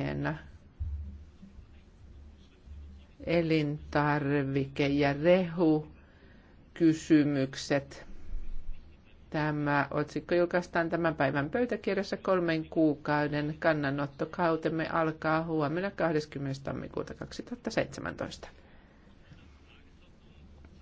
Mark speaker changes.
Speaker 1: aiheena elintarvike- ja rehukysymykset. Tämä otsikko julkaistaan tämän päivän pöytäkirjassa kolmen kuukauden kannanottokautemme alkaa huomenna 20. tammikuuta 2017.